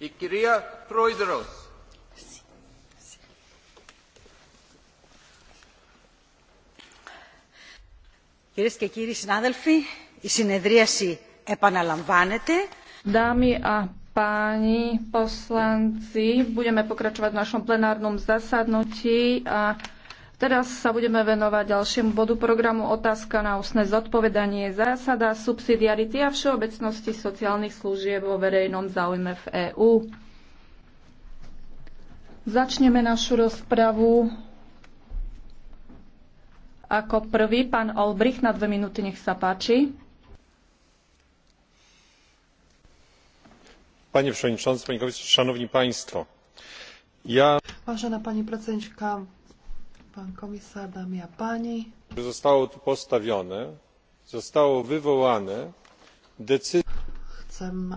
Η κυρία Πρόεδρος. Κυρίες και κύριοι συνάδελφοι, η συνεδρίαση επαναλαμβάνεται. Dámy a páni poslanci, budeme pokračovať v našom plenárnom zasadnutí a Teraz sa budeme venovať ďalšiemu bodu programu Otázka na ústne zodpovedanie zásada subsidiarity a všeobecnosti sociálnych služieb vo verejnom záujme v EÚ. Začneme našu rozpravu ako prvý pán Olbrich na dve minúty, nech sa páči. Panie przewodniczący, panie komisarzu, szanowni państwo. Ja... Vážená pani predsednička, pán komisár, dámy a páni. Zostało tu postawione, zostało wywołane decyzja. Chcem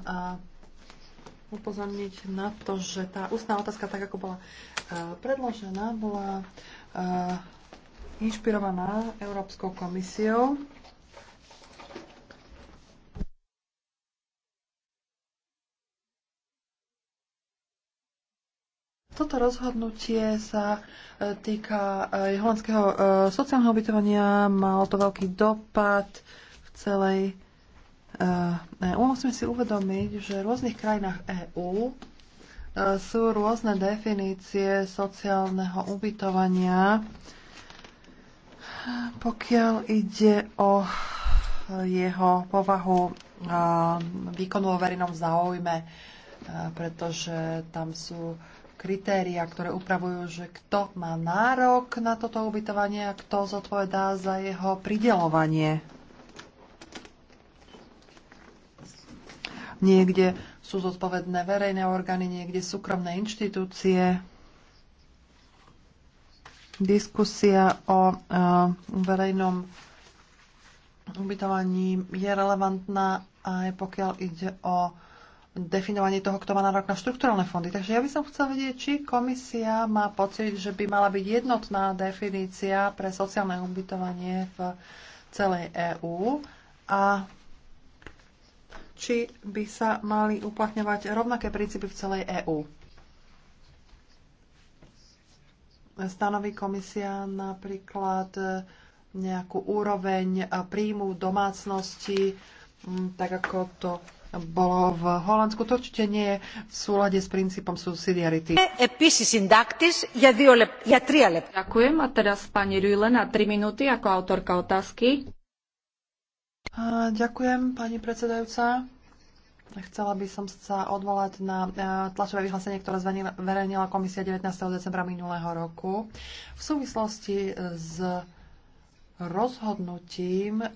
upozorniť na to, že tá ústná otázka, tak ako bola uh, predložená, bola uh, inšpirovaná Európskou komisiou. Toto rozhodnutie sa e, týka aj e, holandského e, sociálneho ubytovania. Malo to veľký dopad v celej EU. Musíme si uvedomiť, že v rôznych krajinách EÚ sú rôzne definície sociálneho ubytovania. Pokiaľ ide o jeho povahu výkonu o verejnom záujme, pretože tam sú kritéria, ktoré upravujú, že kto má nárok na toto ubytovanie a kto zodpovedá za jeho pridelovanie. Niekde sú zodpovedné verejné orgány, niekde súkromné inštitúcie. Diskusia o e, verejnom ubytovaní je relevantná aj pokiaľ ide o definovanie toho, kto má nárok na štrukturálne fondy. Takže ja by som chcela vedieť, či komisia má pocit, že by mala byť jednotná definícia pre sociálne ubytovanie v celej EÚ a či by sa mali uplatňovať rovnaké princípy v celej EÚ. Stanoví komisia napríklad nejakú úroveň príjmu domácnosti, tak ako to bolo v Holandsku, to určite nie je v súlade s princípom subsidiarity. E, ďakujem a teraz pani Rüle na 3 minúty ako autorka otázky. Ďakujem, pani predsedajúca. Chcela by som sa odvolať na e, tlačové vyhlásenie, ktoré zverejnila komisia 19. decembra minulého roku v súvislosti s rozhodnutím e,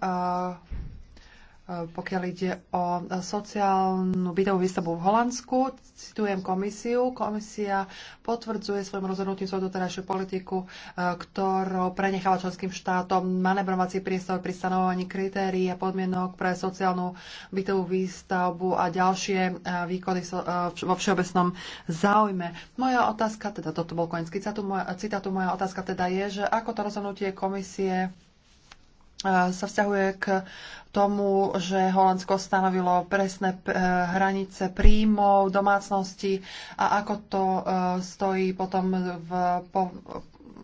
E, pokiaľ ide o e, sociálnu bytovú výstavbu v Holandsku. Citujem komisiu. Komisia potvrdzuje svojim rozhodnutím svoju doterajšiu politiku, e, ktorou prenecháva členským štátom manevrovací priestor pri stanovovaní kritérií a podmienok pre sociálnu bytovú výstavbu a ďalšie výkony vo všeobecnom záujme. Moja otázka, teda toto bol koniec citátu, moja, citátu, moja otázka teda je, že ako to rozhodnutie komisie sa vzťahuje k tomu, že Holandsko stanovilo presné e, hranice príjmov domácnosti a ako to e, stojí potom v, po,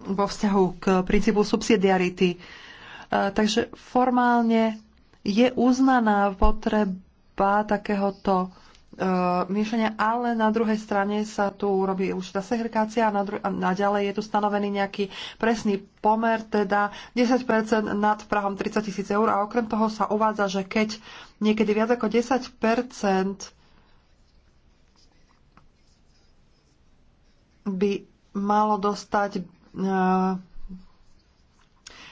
vo vzťahu k princípu subsidiarity. E, takže formálne je uznaná potreba takéhoto E, miešania, ale na druhej strane sa tu robí tá segregácia a, na dru- a naďalej je tu stanovený nejaký presný pomer, teda 10% nad prahom 30 tisíc eur a okrem toho sa uvádza, že keď niekedy viac ako 10% by malo dostať uh,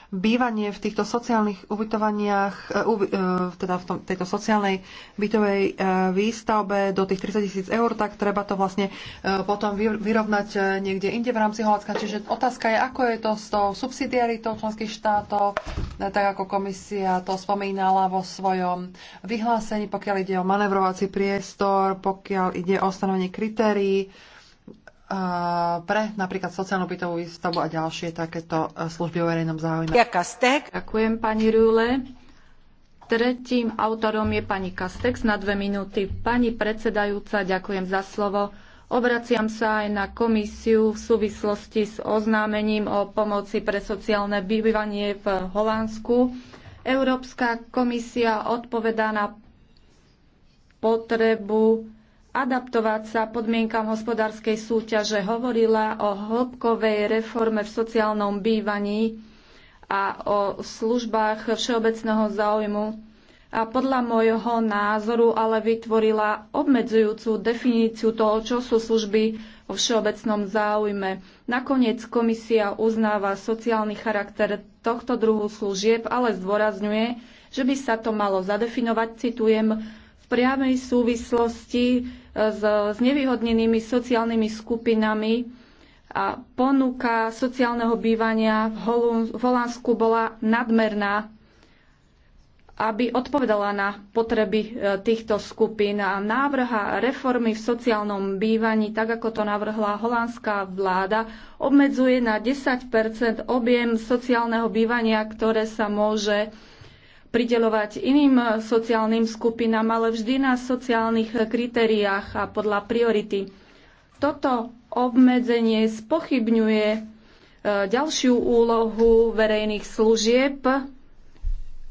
bývanie v týchto sociálnych ubytovaniach, e, e, teda v tom, tejto sociálnej bytovej e, výstavbe do tých 30 tisíc eur, tak treba to vlastne potom vyrovnať niekde inde v rámci Holandska. Čiže otázka je, ako je to s tou subsidiaritou členských štátov, tak ako komisia to spomínala vo svojom vyhlásení, pokiaľ ide o manevrovací priestor, pokiaľ ide o stanovenie kritérií, pre napríklad sociálnu bytovú výstavbu a ďalšie takéto e, služby o verejnom záujme. Ďakujem pani Rúle. Tretím autorom je pani Kastek na dve minúty. Pani predsedajúca, ďakujem za slovo. Obraciam sa aj na komisiu v súvislosti s oznámením o pomoci pre sociálne bývanie v Holandsku. Európska komisia odpovedá na potrebu adaptovať sa podmienkam hospodárskej súťaže. Hovorila o hĺbkovej reforme v sociálnom bývaní a o službách všeobecného záujmu a podľa môjho názoru ale vytvorila obmedzujúcu definíciu toho, čo sú služby vo všeobecnom záujme. Nakoniec komisia uznáva sociálny charakter tohto druhu služieb, ale zdôrazňuje, že by sa to malo zadefinovať, citujem, priamej súvislosti e, s, s nevýhodnenými sociálnymi skupinami a ponuka sociálneho bývania v, Holun, v Holandsku bola nadmerná, aby odpovedala na potreby e, týchto skupín. A návrha reformy v sociálnom bývaní, tak ako to navrhla holandská vláda, obmedzuje na 10 objem sociálneho bývania, ktoré sa môže pridelovať iným eh, sociálnym skupinám, ale vždy na sociálnych eh, kritériách a podľa priority. Toto obmedzenie spochybňuje eh, ďalšiu úlohu verejných služieb,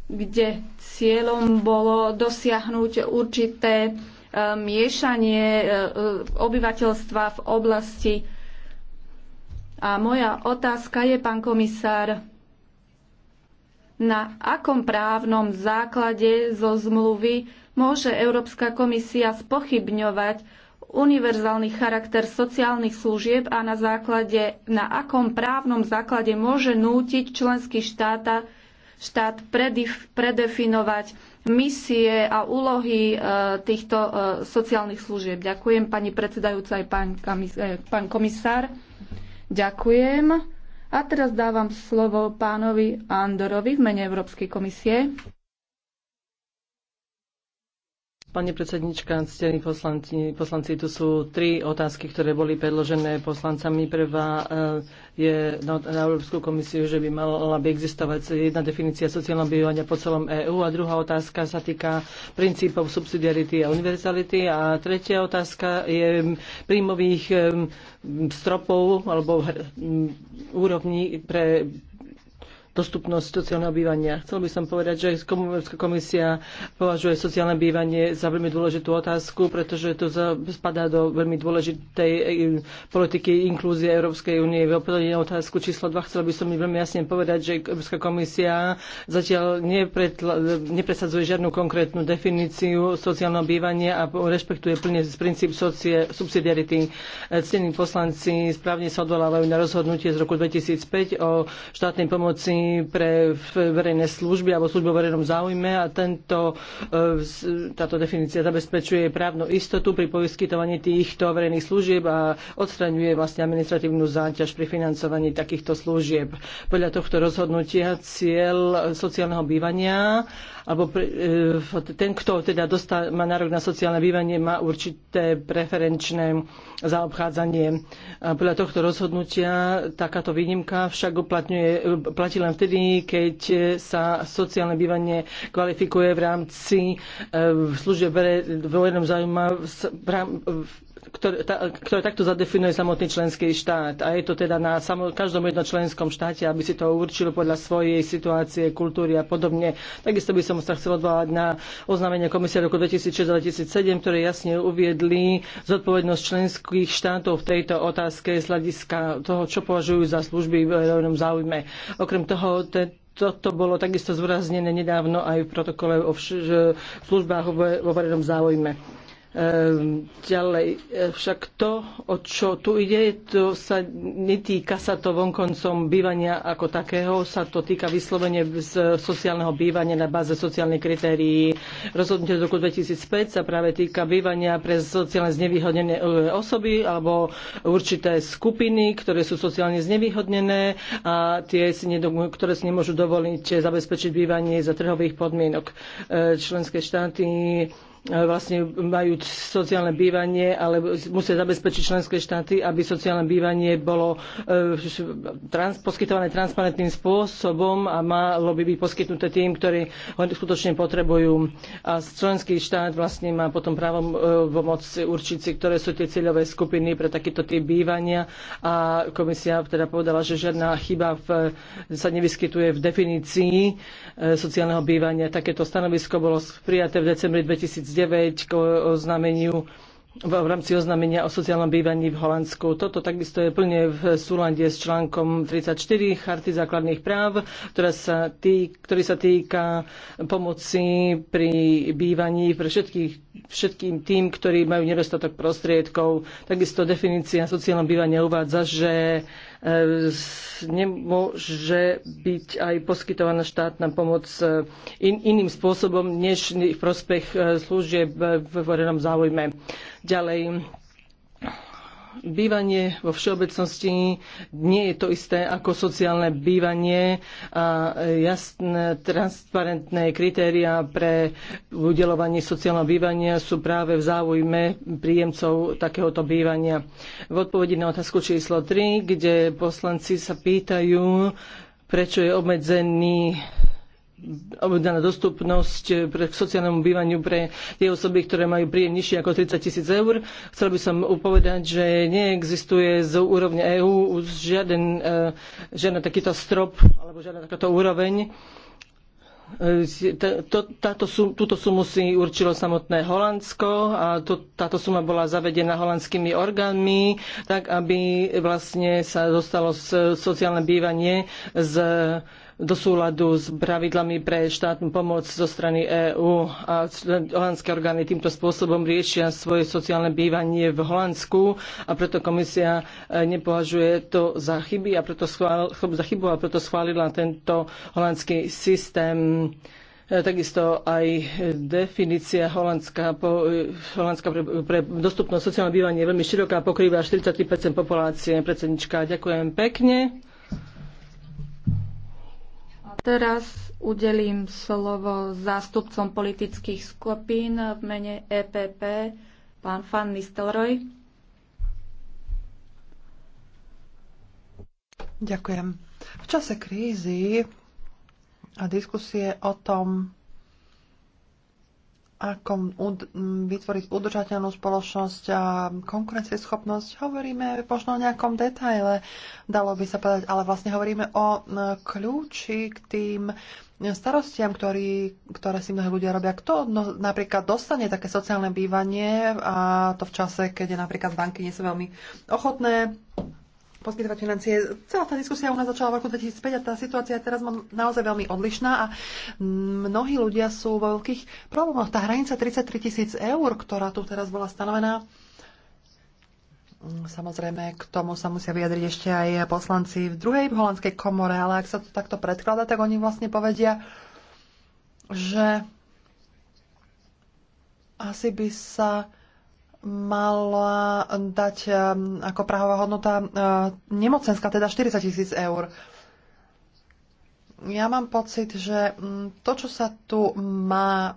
kde cieľom bolo dosiahnuť určité miešanie obyvateľstva v oblasti. A moja otázka je, pán komisár, na akom právnom základe zo zmluvy môže Európska komisia spochybňovať univerzálny charakter sociálnych služieb a na základe, na akom právnom základe môže nútiť členský štáta, štát predif, predefinovať misie a úlohy e, týchto e, sociálnych služieb. Ďakujem pani predsedajúca aj pán, e, pán komisár. Ďakujem. A teraz dávam slovo pánovi Andorovi v mene Európskej komisie. Pani predsednička, ctení poslanci, poslanci, tu sú tri otázky, ktoré boli predložené poslancami. Prvá eh, je na, na Európsku komisiu, že by mala by existovať jedna definícia sociálneho bývania po celom EÚ a druhá otázka sa týka princípov subsidiarity a univerzality a tretia otázka je príjmových eh, stropov alebo úrovní pre dostupnosť sociálneho bývania. Chcel by som povedať, že Európska komisia považuje sociálne bývanie za veľmi dôležitú otázku, pretože to spadá do veľmi dôležitej e, politiky inklúzie Európskej únie. V na otázku číslo 2 chcel by som veľmi jasne povedať, že Európska komisia zatiaľ nepresadzuje žiadnu konkrétnu definíciu sociálneho bývania a rešpektuje plne princíp socie, subsidiarity. Ctení poslanci správne sa odvolávajú na rozhodnutie z roku 2005 o štátnej pomoci pre verejné služby alebo služby o verejnom záujme a tento, e, táto definícia zabezpečuje právnu istotu pri poskytovaní týchto verejných služieb a odstraňuje vlastne administratívnu záťaž pri financovaní takýchto služieb. Podľa tohto rozhodnutia cieľ sociálneho bývania alebo e, ten, kto teda dostá, má nárok na sociálne bývanie, má určité preferenčné zaobchádzanie. podľa tohto rozhodnutia takáto výnimka však uplatňuje, platí len len vtedy, keď e, sa sociálne bývanie kvalifikuje v rámci služieb v verejnom záujme ktoré, tá, ktoré takto zadefinuje samotný členský štát. A je to teda na samo, každom jednom členskom štáte, aby si to určilo podľa svojej situácie, kultúry a podobne. Takisto by som sa chcel odvolať na oznámenie komisie roku 2006-2007, ktoré jasne uviedli zodpovednosť členských štátov v tejto otázke z hľadiska toho, čo považujú za služby v rovnom záujme. Okrem toho, te, toto bolo takisto zvraznené nedávno aj v protokole o službách vo verejnom záujme. Ehm, ďalej, e, však to, o čo tu ide, to sa netýka sa to vonkoncom bývania ako takého, sa to týka vyslovene z sociálneho bývania na báze sociálnych kritérií. Rozhodnutie z roku 2005 sa práve týka bývania pre sociálne znevýhodnené e, osoby alebo určité skupiny, ktoré sú sociálne znevýhodnené a tie, si nedom- ktoré si nemôžu dovoliť zabezpečiť bývanie za trhových podmienok. E, členské štáty E, vlastne majú sociálne bývanie, ale musia zabezpečiť členské štáty, aby sociálne bývanie bolo e, trans, poskytované transparentným spôsobom a malo by byť poskytnuté tým, ktorí ho skutočne potrebujú. A členský štát vlastne má potom právom e, pomoc určiť si, ktoré sú tie cieľové skupiny pre takýto typ bývania a komisia teda povedala, že žiadna chyba v, sa nevyskytuje v definícii sociálneho bývania. Takéto stanovisko bolo prijaté v decembri 2000 9 k oznámeniu v rámci oznámenia o sociálnom bývaní v Holandsku. Toto takisto je plne v súlade s článkom 34 Charty základných práv, ktorá sa tý, ktorý sa týka pomoci pri bývaní pre všetkých, všetkým tým, ktorí majú nedostatok prostriedkov. Takisto definícia sociálneho bývania uvádza, že Ehm, nemôže byť aj poskytovaná štátna pomoc eh, in, iným spôsobom, než v prospech eh, služieb eh, v verejnom záujme. Ďalej, bývanie vo všeobecnosti nie je to isté ako sociálne bývanie a jasné transparentné kritéria pre udelovanie sociálneho bývania sú práve v záujme príjemcov takéhoto bývania. V odpovedi na otázku číslo 3, kde poslanci sa pýtajú, prečo je obmedzený obdaná dostupnosť eh, pre, k sociálnemu bývaniu pre tie osoby, ktoré majú príjem nižší ako 30 tisíc eur. Chcel by som upovedať, že neexistuje z úrovne EÚ žiaden, eh, žiaden takýto strop alebo žiadna takáto úroveň. Eh, táto sum, túto sumu si určilo samotné Holandsko a to, táto suma bola zavedená holandskými orgánmi, tak aby vlastne sa dostalo sociálne bývanie z do súladu s pravidlami pre štátnu pomoc zo strany EÚ a holandské orgány týmto spôsobom riešia svoje sociálne bývanie v Holandsku a preto komisia e, nepovažuje to za chyby a preto schvál, za chybu a preto schválila tento holandský systém e, takisto aj definícia holandská, po, e, holandská pre, pre dostupnosť sociálne bývanie je veľmi široká, pokrýva 43% populácie. Predsednička, ďakujem pekne. Teraz udelím slovo zástupcom politických skupín v mene EPP, pán Fan Nistelroj. Ďakujem. V čase krízy a diskusie o tom, ako vytvoriť udržateľnú spoločnosť a konkurencieschopnosť. Hovoríme možno o nejakom detaile, dalo by sa povedať, ale vlastne hovoríme o kľúči k tým starostiam, ktorý, ktoré si mnohí ľudia robia. Kto no, napríklad dostane také sociálne bývanie a to v čase, keď je napríklad banky nie sú veľmi ochotné poskytovať financie. Celá tá diskusia u nás začala v roku 2005 a tá situácia je teraz naozaj veľmi odlišná a mnohí ľudia sú vo veľkých problémoch. Tá hranica 33 tisíc eur, ktorá tu teraz bola stanovená, mm, Samozrejme, k tomu sa musia vyjadriť ešte aj poslanci v druhej holandskej komore, ale ak sa to takto predkladá, tak oni vlastne povedia, že asi by sa mala dať um, ako prahová hodnota uh, nemocenská, teda 40 tisíc eur. Ja mám pocit, že mm, to, čo sa tu má uh,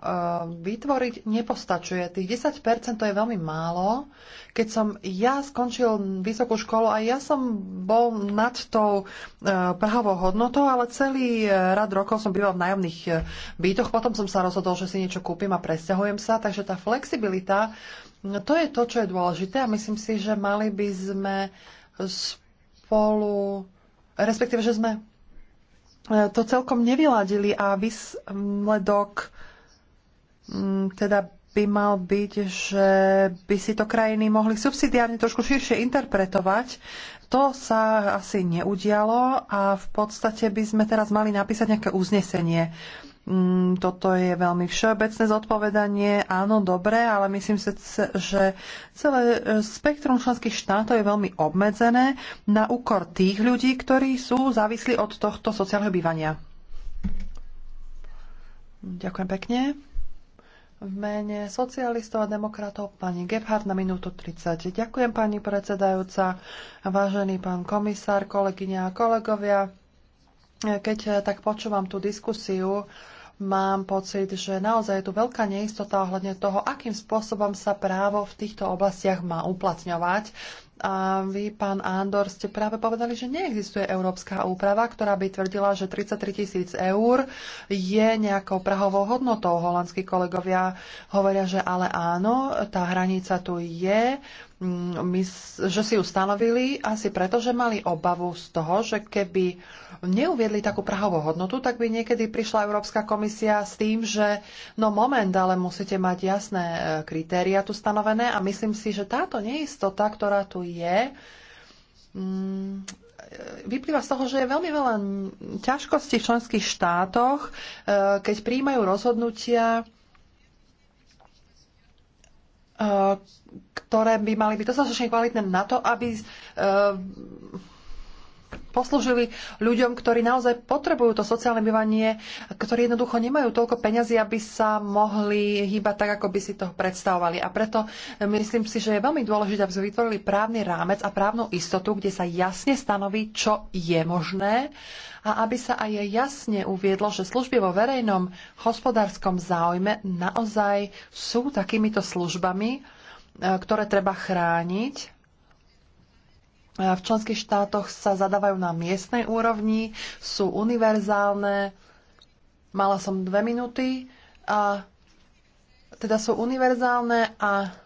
vytvoriť, nepostačuje. Tých 10% to je veľmi málo. Keď som ja skončil vysokú školu a ja som bol nad tou uh, prahovou hodnotou, ale celý rad rokov som býval v nájomných bytoch. Potom som sa rozhodol, že si niečo kúpim a presťahujem sa. Takže tá flexibilita No to je to, čo je dôležité a myslím si, že mali by sme spolu, respektíve, že sme e, to celkom nevyladili a výsledok mm, teda by mal byť, že by si to krajiny mohli subsidiárne trošku širšie interpretovať. To sa asi neudialo a v podstate by sme teraz mali napísať nejaké uznesenie. Mm, toto je veľmi všeobecné zodpovedanie. Áno, dobre, ale myslím si, že celé e, spektrum členských štátov je veľmi obmedzené na úkor tých ľudí, ktorí sú závislí od tohto sociálneho bývania. Ďakujem pekne. V mene socialistov a demokratov pani Gebhardt na minútu 30. Ďakujem pani predsedajúca, vážený pán komisár, kolegyňa a kolegovia. Keď e, tak počúvam tú diskusiu, mám pocit, že naozaj je tu veľká neistota ohľadne toho, akým spôsobom sa právo v týchto oblastiach má uplatňovať. A vy, pán Andor, ste práve povedali, že neexistuje európska úprava, ktorá by tvrdila, že 33 tisíc eur je nejakou prahovou hodnotou. Holandskí kolegovia hovoria, že ale áno, tá hranica tu je, mm, my, že si ju stanovili asi preto, že mali obavu z toho, že keby neuviedli takú prahovú hodnotu, tak by niekedy prišla Európska komisia s tým, že no moment, ale musíte mať jasné e, kritéria tu stanovené a myslím si, že táto neistota, ktorá tu je, mm, vyplýva z toho, že je veľmi veľa ťažkostí v členských štátoch, e, keď príjmajú rozhodnutia, e, ktoré by mali byť dostatočne kvalitné na to, aby e, poslúžili ľuďom, ktorí naozaj potrebujú to sociálne bývanie, ktorí jednoducho nemajú toľko peňazí, aby sa mohli hýbať tak, ako by si to predstavovali. A preto e, myslím si, že je veľmi dôležité, aby sme vytvorili právny rámec a právnu istotu, kde sa jasne stanoví, čo je možné a aby sa aj jasne uviedlo, že služby vo verejnom hospodárskom záujme naozaj sú takýmito službami, e, ktoré treba chrániť v členských štátoch sa zadávajú na miestnej úrovni, sú univerzálne. Mala som dve minúty a teda sú univerzálne a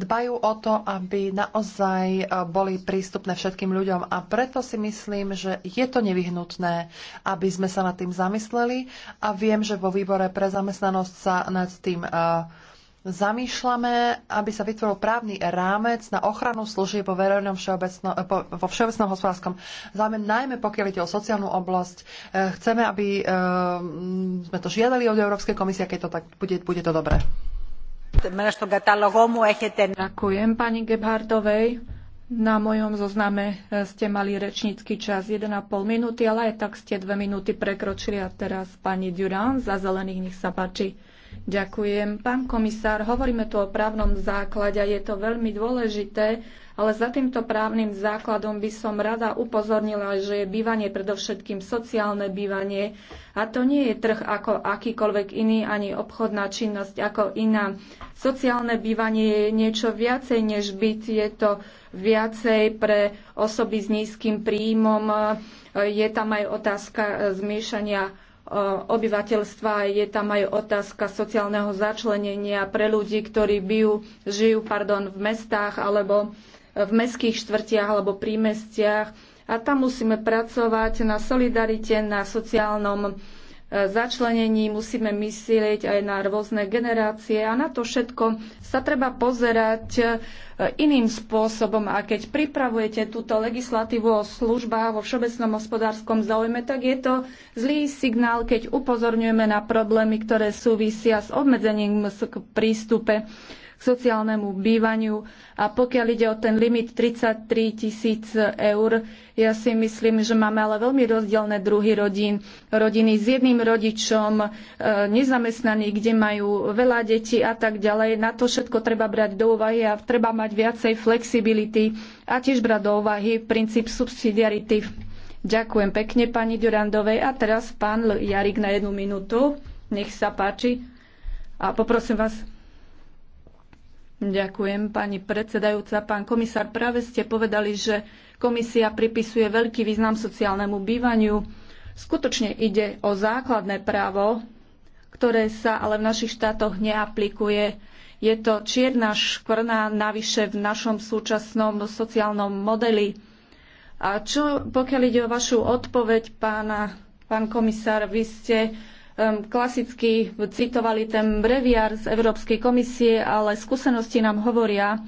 dbajú o to, aby naozaj e, boli prístupné všetkým ľuďom a preto si myslím, že je to nevyhnutné, aby sme sa nad tým zamysleli a viem, že vo výbore pre zamestnanosť sa nad tým uh, zamýšľame, aby sa vytvoril právny rámec na ochranu služieb vo, verejnom všeobecno, vo všeobecnom hospodárskom záujme, najmä pokiaľ ide o sociálnu oblasť. E, chceme, aby e, sme to žiadali od Európskej komisie, keď to tak bude, bude to dobré. Ďakujem pani Gebhardovej. Na mojom zozname e, ste mali rečnícky čas 1,5 minúty, ale aj tak ste 2 minúty prekročili a teraz pani Durán za zelených, nech sa páči. Ďakujem. Pán komisár, hovoríme tu o právnom základe, je to veľmi dôležité, ale za týmto právnym základom by som rada upozornila, že je bývanie predovšetkým sociálne bývanie a to nie je trh ako akýkoľvek iný, ani obchodná činnosť ako iná. Sociálne bývanie je niečo viacej než byt, je to viacej pre osoby s nízkym príjmom, je tam aj otázka zmiešania obyvateľstva. Je tam aj otázka sociálneho začlenenia pre ľudí, ktorí bijú, žijú pardon, v mestách alebo v mestských štvrtiach alebo prímestiach. A tam musíme pracovať na solidarite, na sociálnom začlenení, musíme myslieť aj na rôzne generácie a na to všetko sa treba pozerať e, iným spôsobom. A keď pripravujete túto legislatívu o službách vo všeobecnom hospodárskom záujme, tak je to zlý signál, keď upozorňujeme na problémy, ktoré súvisia s obmedzením k prístupe k sociálnemu bývaniu. A pokiaľ ide o ten limit 33 tisíc eur, ja si myslím, že máme ale veľmi rozdielne druhy rodín. Rodiny s jedným rodičom, e, nezamestnaní, kde majú veľa detí a tak ďalej. Na to všetko treba brať do úvahy a treba mať viacej flexibility a tiež brať do úvahy princíp subsidiarity. Ďakujem pekne pani Durandovej. A teraz pán Jarik na jednu minútu. Nech sa páči. A poprosím vás, Ďakujem, pani predsedajúca. Pán komisár, práve ste povedali, že komisia pripisuje veľký význam sociálnemu bývaniu. Skutočne ide o základné právo, ktoré sa ale v našich štátoch neaplikuje. Je to čierna škvrna navyše v našom súčasnom sociálnom modeli. A čo, pokiaľ ide o vašu odpoveď, pána, pán komisár, vy ste klasicky citovali ten breviár z Európskej komisie, ale skúsenosti nám hovoria,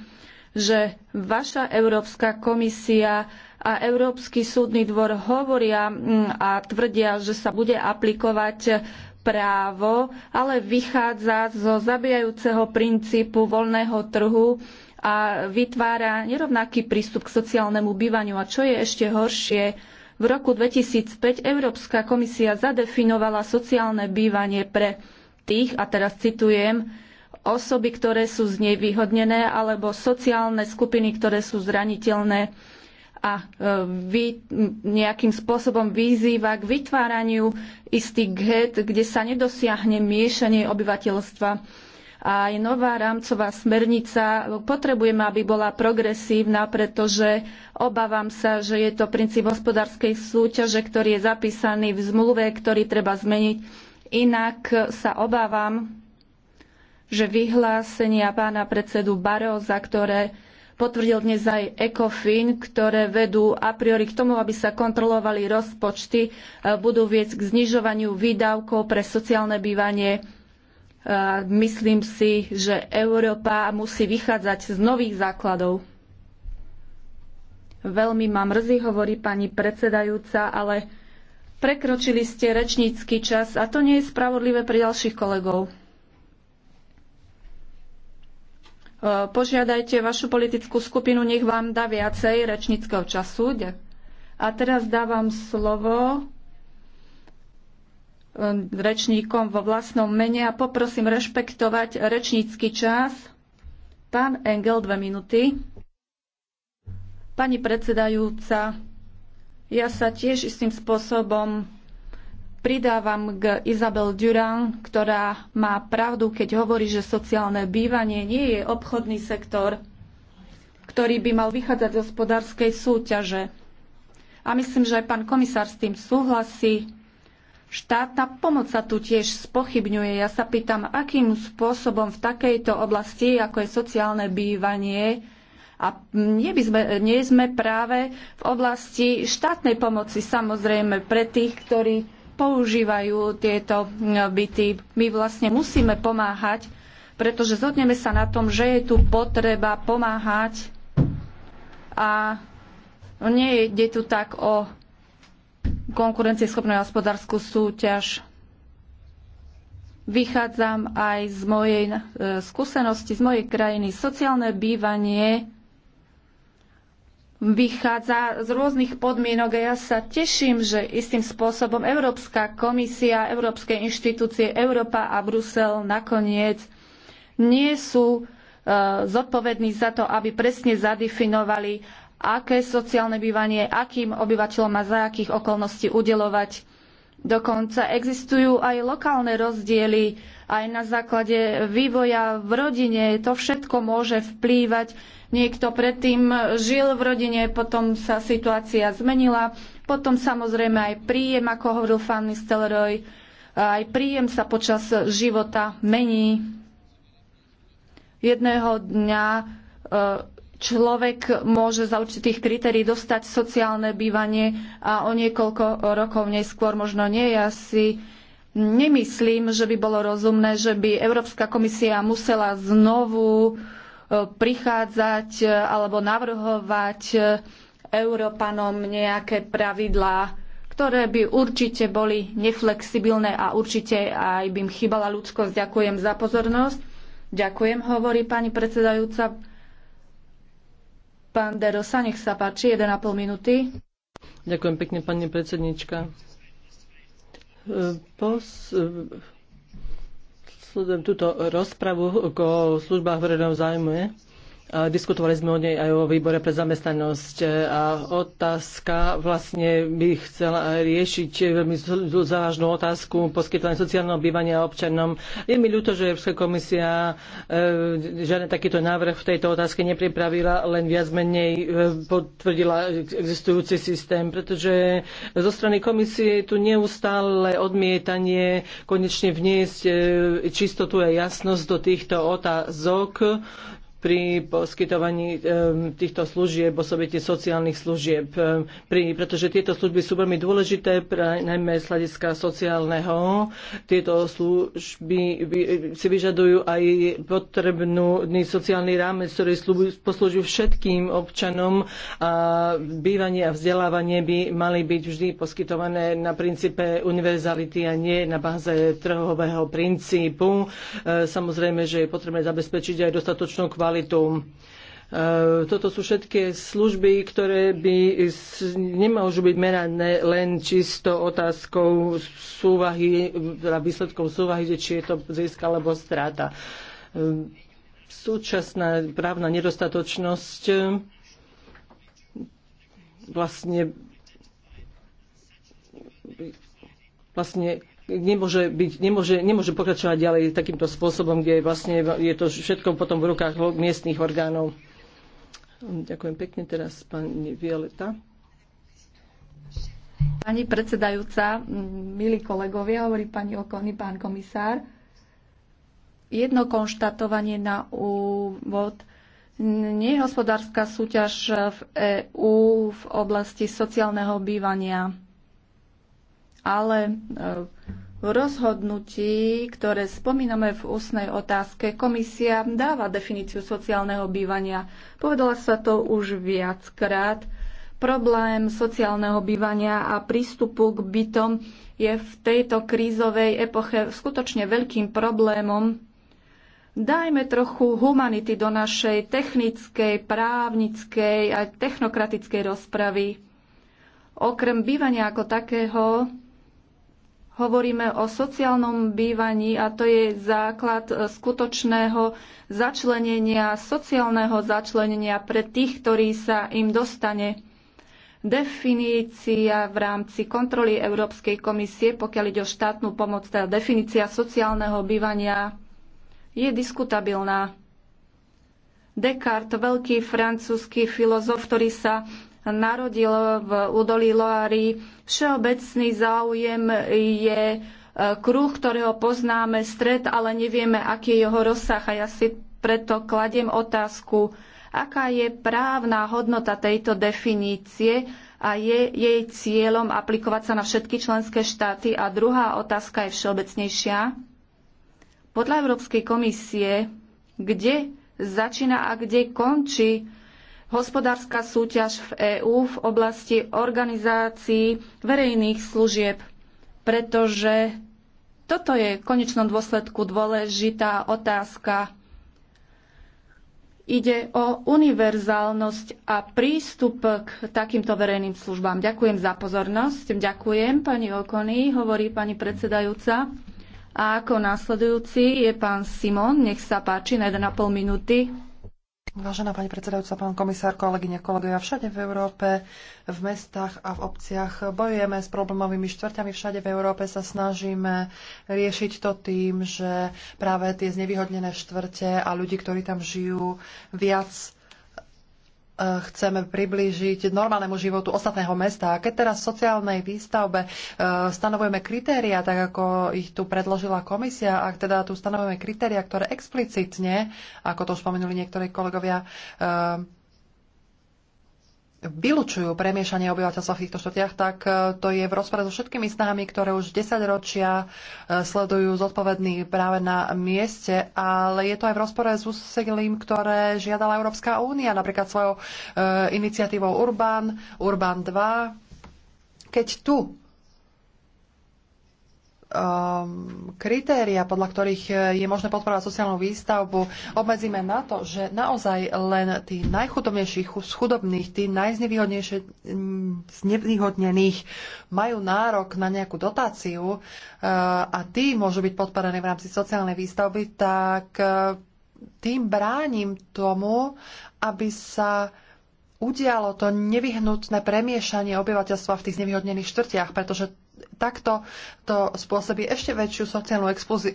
že vaša Európska komisia a Európsky súdny dvor hovoria mm, a tvrdia, že sa bude aplikovať právo, ale vychádza zo zabijajúceho princípu voľného trhu a vytvára nerovnaký prístup k sociálnemu bývaniu. A čo je ešte horšie, v roku 2005 Európska komisia zadefinovala sociálne bývanie pre tých, a teraz citujem, osoby, ktoré sú znevýhodnené alebo sociálne skupiny, ktoré sú zraniteľné a e, vy, nejakým spôsobom vyzýva k vytváraniu istých get, kde sa nedosiahne miešanie obyvateľstva aj nová rámcová smernica potrebujeme, aby bola progresívna, pretože obávam sa, že je to princíp hospodárskej súťaže, ktorý je zapísaný v zmluve, ktorý treba zmeniť. Inak sa obávam, že vyhlásenia pána predsedu Baroza, ktoré potvrdil dnes aj ECOFIN, ktoré vedú a priori k tomu, aby sa kontrolovali rozpočty, eh, budú viesť k znižovaniu výdavkov pre sociálne bývanie myslím si, že Európa musí vychádzať z nových základov. Veľmi ma mrzí, hovorí pani predsedajúca, ale prekročili ste rečnícky čas a to nie je spravodlivé pre ďalších kolegov. E, požiadajte vašu politickú skupinu, nech vám dá viacej rečníckého času. A teraz dávam slovo E, rečníkom vo vlastnom mene a poprosím rešpektovať rečnícky čas. Pán Engel, dve minúty. Pani predsedajúca, ja sa tiež istým spôsobom pridávam k Isabel Durán, ktorá má pravdu, keď hovorí, že sociálne bývanie nie je obchodný sektor, ktorý by mal vychádzať z hospodárskej súťaže. A myslím, že aj pán komisár s tým súhlasí Štátna pomoc sa tu tiež spochybňuje. Ja sa pýtam, akým spôsobom v takejto oblasti, ako je sociálne bývanie, a nie, by sme, nie sme práve v oblasti štátnej pomoci, samozrejme, pre tých, ktorí používajú tieto mm, byty. My vlastne musíme pomáhať, pretože zhodneme sa na tom, že je tu potreba pomáhať a nie ide tu tak o konkurencieschopnú a hospodárskú súťaž. Vychádzam aj z mojej e, skúsenosti, z mojej krajiny. Sociálne bývanie vychádza z rôznych podmienok a ja sa teším, že istým spôsobom Európska komisia, Európske inštitúcie, Európa a Brusel nakoniec nie sú e, zodpovední za to, aby presne zadefinovali, aké sociálne bývanie, akým obyvateľom a za akých okolností udelovať. Dokonca existujú aj lokálne rozdiely, aj na základe vývoja v rodine. To všetko môže vplývať. Niekto predtým žil v rodine, potom sa situácia zmenila, potom samozrejme aj príjem, ako hovoril Fanny Stelroy, aj príjem sa počas života mení. Jedného dňa e, človek môže za určitých kritérií dostať sociálne bývanie a o niekoľko rokov neskôr možno nie. Ja si nemyslím, že by bolo rozumné, že by Európska komisia musela znovu e, prichádzať e, alebo navrhovať e, Európanom nejaké pravidlá, ktoré by určite boli neflexibilné a určite aj by im chýbala ľudskosť. Ďakujem za pozornosť. Ďakujem, hovorí pani predsedajúca. Pán Derosa, nech sa páči, 1,5 minúty. Ďakujem pekne, pani predsednička. Pos, sledujem túto rozpravu o službách verejného zájmu. Diskutovali sme o nej aj o výbore pre zamestnanosť e, a otázka vlastne by chcela riešiť veľmi závažnú otázku poskytovania sociálneho bývania občanom. Je mi ľúto, že Európska komisia e, žiadny takýto návrh v tejto otázke nepripravila, len viac menej e, potvrdila existujúci systém, pretože zo strany komisie je tu neustále odmietanie konečne vniesť čistotu a jasnosť do týchto otázok pri poskytovaní týchto služieb, osobite sociálnych služieb, pri, pretože tieto služby sú veľmi dôležité, pre, najmä z hľadiska sociálneho. Tieto služby si vyžadujú aj potrebnú sociálny rámec, ktorý poslúži všetkým občanom a bývanie a vzdelávanie by mali byť vždy poskytované na princípe univerzality a nie na báze trhového princípu. E, samozrejme, že je potrebné zabezpečiť aj dostatočnú kvalitu kvalitu. E, toto sú všetky služby, ktoré by nemôžu byť merané len čisto otázkou súvahy, teda výsledkom súvahy, či je to získa alebo strata. E, súčasná právna nedostatočnosť e, vlastne vlastne nemôže, byť, nemôže, nemôže pokračovať ďalej takýmto spôsobom, kde vlastne je to všetko potom v rukách miestných orgánov. Ďakujem pekne teraz pani Violeta. Pani predsedajúca, milí kolegovia, hovorí pani Okony, pán komisár. Jedno konštatovanie na úvod. Nehospodárska súťaž v EÚ v oblasti sociálneho bývania ale e, v rozhodnutí, ktoré spomíname v ústnej otázke, komisia dáva definíciu sociálneho bývania. Povedala sa to už viackrát. Problém sociálneho bývania a prístupu k bytom je v tejto krízovej epoche skutočne veľkým problémom. Dajme trochu humanity do našej technickej, právnickej a technokratickej rozpravy. Okrem bývania ako takého Hovoríme o sociálnom bývaní a to je základ e, skutočného začlenenia, sociálneho začlenenia pre tých, ktorí sa im dostane. Definícia v rámci kontroly Európskej komisie, pokiaľ ide o štátnu pomoc, teda definícia sociálneho bývania je diskutabilná. Descartes, veľký francúzsky filozof, ktorý sa narodil v údolí Loary. Všeobecný záujem je e, kruh, ktorého poznáme stred, ale nevieme, aký je jeho rozsah. A ja si preto kladiem otázku, aká je právna hodnota tejto definície a je jej cieľom aplikovať sa na všetky členské štáty. A druhá otázka je všeobecnejšia. Podľa Európskej komisie, kde začína a kde končí hospodárska súťaž v EÚ v oblasti organizácií verejných služieb, pretože toto je v konečnom dôsledku dôležitá otázka. Ide o univerzálnosť a prístup k takýmto verejným službám. Ďakujem za pozornosť. Ďakujem pani Okony, hovorí pani predsedajúca. A ako následujúci je pán Simon, nech sa páči na 1,5 minúty. Vážená pani predsedajúca, pán komisár, kolegyne, kolegovia, všade v Európe, v mestách a v obciach bojujeme s problémovými štvrťami. Všade v Európe sa snažíme riešiť to tým, že práve tie znevýhodnené štvrte a ľudí, ktorí tam žijú, viac Eh, chceme priblížiť normálnemu životu ostatného mesta. A keď teraz v sociálnej výstavbe eh, stanovujeme kritéria, tak ako ich tu predložila komisia, ak teda tu stanovujeme kritéria, ktoré explicitne, ako to spomenuli niektorí kolegovia, eh, vylúčujú premiešanie obyvateľstva v týchto štvrtiach, tak e, to je v rozpore so všetkými snahami, ktoré už 10 ročia e, sledujú zodpovední práve na mieste, ale je to aj v rozpore s úsilím, ktoré žiadala Európska únia, napríklad svojou e, iniciatívou Urban, Urban 2. Keď tu um, kritéria, podľa ktorých eh, je možné podporovať sociálnu výstavbu, obmedzíme na to, že naozaj len tí najchudobnejších z chudobných, tí najznevýhodnejšie mm, znevýhodnených majú nárok na nejakú dotáciu uh, a tí môžu byť podporení v rámci sociálnej výstavby, tak uh, tým bránim tomu, aby sa udialo to nevyhnutné premiešanie obyvateľstva v tých znevýhodnených štvrtiach, pretože takto to spôsobí ešte väčšiu sociálnu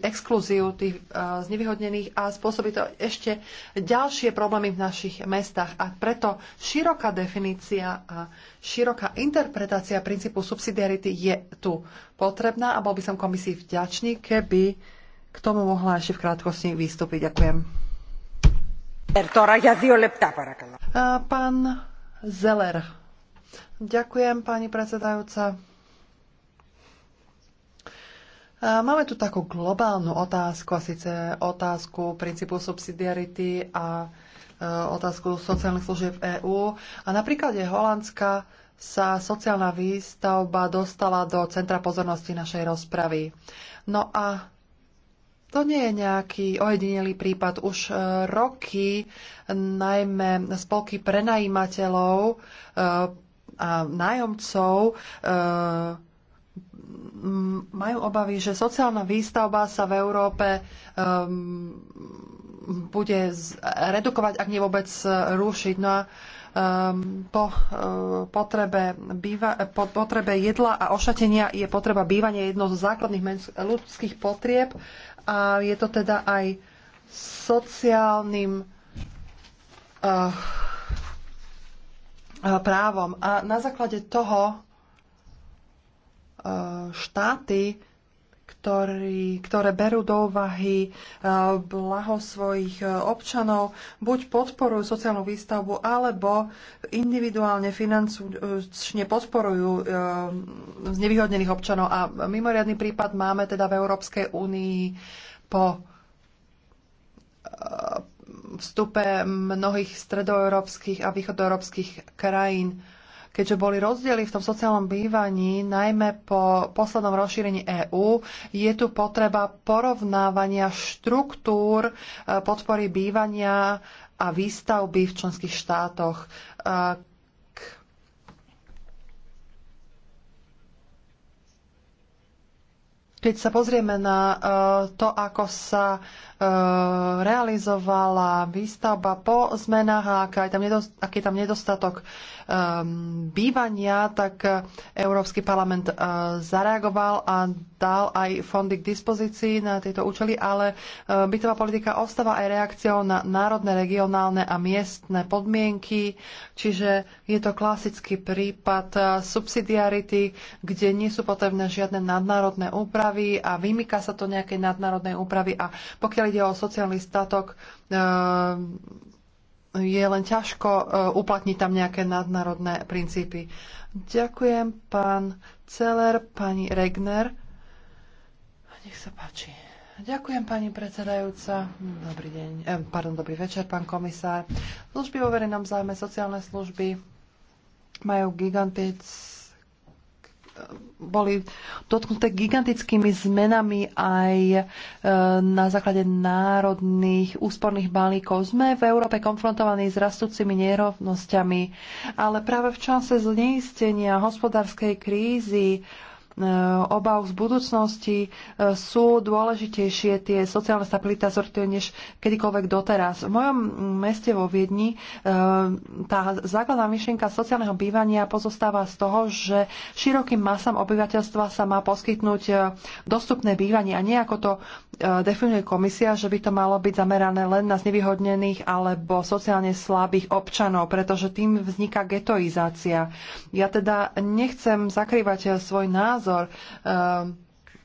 exkluziu tých uh, znevýhodnených a spôsobí to ešte ďalšie problémy v našich mestách. A preto široká definícia a široká interpretácia princípu subsidiarity je tu potrebná a bol by som komisii vďačný, keby k tomu mohla ešte v krátkosti vystúpiť. Ďakujem. E, pán Zeller. Ďakujem, pani predsedajúca. Máme tu takú globálnu otázku, a síce otázku princípu subsidiarity a e, otázku sociálnych služieb EÚ. A na príklade Holandska sa sociálna výstavba dostala do centra pozornosti našej rozpravy. No a to nie je nejaký ojedinelý prípad. Už e, roky najmä spolky prenajímateľov e, a nájomcov Mm, majú obavy, že sociálna výstavba sa v Európe um, bude z, redukovať, ak nie vôbec e, rušiť. No a um, po uh, potrebe, býva, e, po potrebe jedla a ošatenia je potreba bývania jedno zo základných ľudských potrieb a je to teda aj sociálnym uh, právom. A na základe toho Eh, štáty, ktorý, ktoré berú do úvahy eh, blaho svojich eh, občanov, buď podporujú sociálnu výstavbu, alebo individuálne finančne podporujú znevýhodnených občanov. A mimoriadný prípad máme teda v Európskej únii po vstupe mnohých stredoeurópskych a východoeurópskych krajín keďže boli rozdiely v tom sociálnom bývaní, najmä po poslednom rozšírení EÚ, je tu potreba porovnávania štruktúr e, podpory bývania a výstavby v členských štátoch. E, keď sa pozrieme na e, to, ako sa realizovala výstavba po zmenách a aký je tam nedostatok Ehm, bývania, tak Európsky parlament eh, zareagoval a dal aj fondy k dispozícii na tieto účely, ale eh, bytová politika ostáva aj reakciou na národné, regionálne a miestne podmienky, čiže je to klasický prípad eh, subsidiarity, kde nie sú potrebné žiadne nadnárodné úpravy a vymýka sa to nejakej nadnárodnej úpravy a pokiaľ ide o sociálny statok, je len ťažko e, uplatniť tam nejaké nadnárodné princípy. Ďakujem, pán Celer, pani Regner. Nech sa páči. Ďakujem, pani predsedajúca. Dobrý deň, e, pardon, dobrý večer, pán komisár. Služby vo verejnom záujme, sociálne služby majú gigantické boli dotknuté gigantickými zmenami aj e, na základe národných úsporných balíkov. Sme v Európe konfrontovaní s rastúcimi nerovnosťami, ale práve v čase zneistenia hospodárskej krízy obav z budúcnosti e, sú dôležitejšie tie sociálne stabilita zortuje než kedykoľvek doteraz. V mojom meste vo Viedni e, tá základná myšlienka sociálneho bývania pozostáva z toho, že širokým masám obyvateľstva sa má poskytnúť e, dostupné bývanie a nie ako to definuje komisia, že by to malo byť zamerané len na znevýhodnených alebo sociálne slabých občanov, pretože tým vzniká getoizácia. Ja teda nechcem zakrývať svoj názor, názor. Ehm,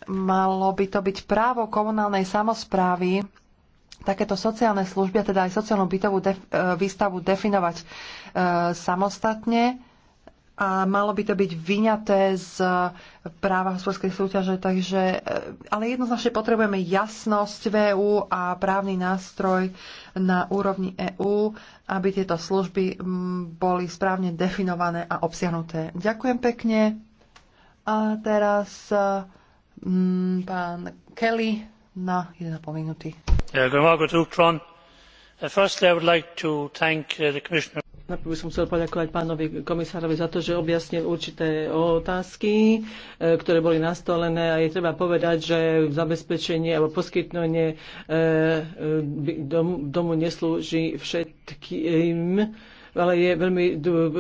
malo by to byť právo komunálnej samozprávy takéto sociálne služby, a teda aj sociálnu bytovú def- e, výstavu definovať e, samostatne a malo by to byť vyňaté z práva hospodárskej súťaže, takže, e, ale jednoznačne potrebujeme jasnosť v e a právny nástroj na úrovni EÚ, aby tieto služby boli správne definované a obsiahnuté. Ďakujem pekne. A teraz eh, mm, pán Kelly na 1,5 minúty. Eh, eh, Najprv by som chcel poďakovať pánovi komisárovi za to, že objasnil určité otázky, ktoré boli nastolené a je treba povedať, že zabezpečenie alebo poskytnutie domu neslúži všetkým ale je veľmi,